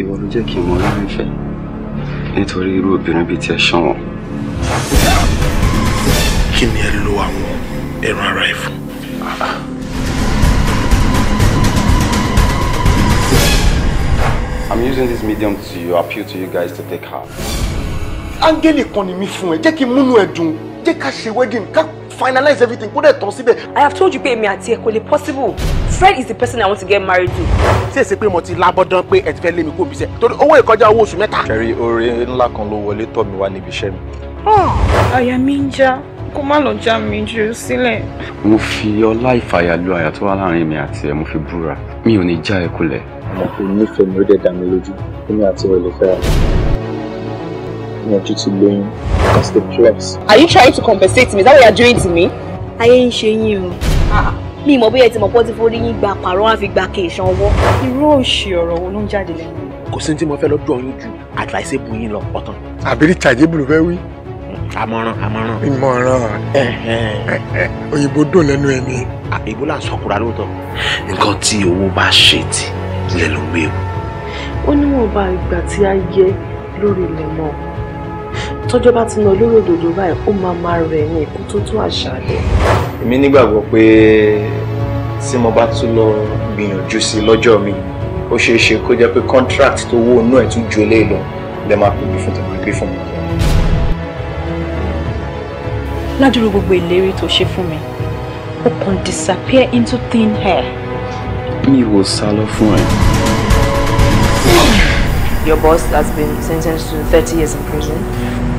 ìwọ ló jẹ́ kí n mọ rírì ìfẹ́ nítorí irú obìnrin bíi tiẹ̀ ṣọ̀wọ́n. kí ni ẹ lo àwọn ẹran ara ẹ fún. I'm using this medium to appeal to you guys to take her. Áńgẹ́lì kan ni mi fún ẹ, jẹ́ kí múnú ẹ dùn, jẹ́ ká ṣe wedding, ká finalize everything kó dẹ̀ tán síbẹ̀. I have told you pé èmi àti ẹ kò lè possible Fred is the person I want to get married to. ṣé èsì pé mo ti lábọ́dán pé ẹ ti fẹ́ lé mi kó bí iṣẹ́ torí owó ìkọjá owó oṣù mẹ́ta. kẹrí oore ńlá kan ló wọlé tọ̀ mí wá níbi iṣẹ́ mi. Ah, àyà mi ń já kó má lọ já mi jù sílẹ̀. mo fi ọlá ìfàyà lu àyà tó wà láàrin mi àti ẹ mo fi búra mi ò ní já ẹ kulẹ̀. àmọ́ kò nífẹ̀ẹ́ mi ó dẹ̀ dá mi lójú kí mi àti ẹ lè fẹ́ra mi ò tún ti lóyún that's the plus. are you trying to compensate me is that what you're doing to me. ayé ń ṣe yín o ah, ah. mi mo bóyá ẹ ti mọ̀ pọ́ ti forí yín gba pàrọ̀ àfi gba kéèṣán ọwọ́. irú òṣì ọ̀rọ̀ wo ló ń jáde lẹ́nu. kò sí ní tí mo fẹ́ lọ́dọ̀ yín ju advisable yín lọ ọ̀tàn. àbírí tàjébù ló fẹ́ wí. Hmm, àmọ̀ràn àmọ̀ràn. ìmọ̀ràn òyìnbó dùn lẹ́nu ẹni. ìbò là ń sọkùnrin àlóòótọ́. nǹkan tí owó bá ṣe tì ilẹ̀ ló gbé o. ó ìgbà tí a yẹ lórí ilẹ̀ náà tọ́jọ́ bá ti nà lórí òdòdó báyìí ó máa máa rẹ̀ ní ikú tó tó àṣálẹ́. èmi nígbàgbọ́ pé tí mo bá tún lọ gbìyànjú sí i lọ́jọ́ mi ó ṣeé ṣe kó jẹ́ pé contract tó wó inú ẹ̀ tún ju eléyìí lọ lẹ́ máa pè mí fún tàbí gbé fún mi. ládùúrú gbogbo ìlérí tó ṣe fún mi ó kàn disappear into thin air. mi ò sá lọ fún ẹ. your boss has been sentenced to 30 years in prison.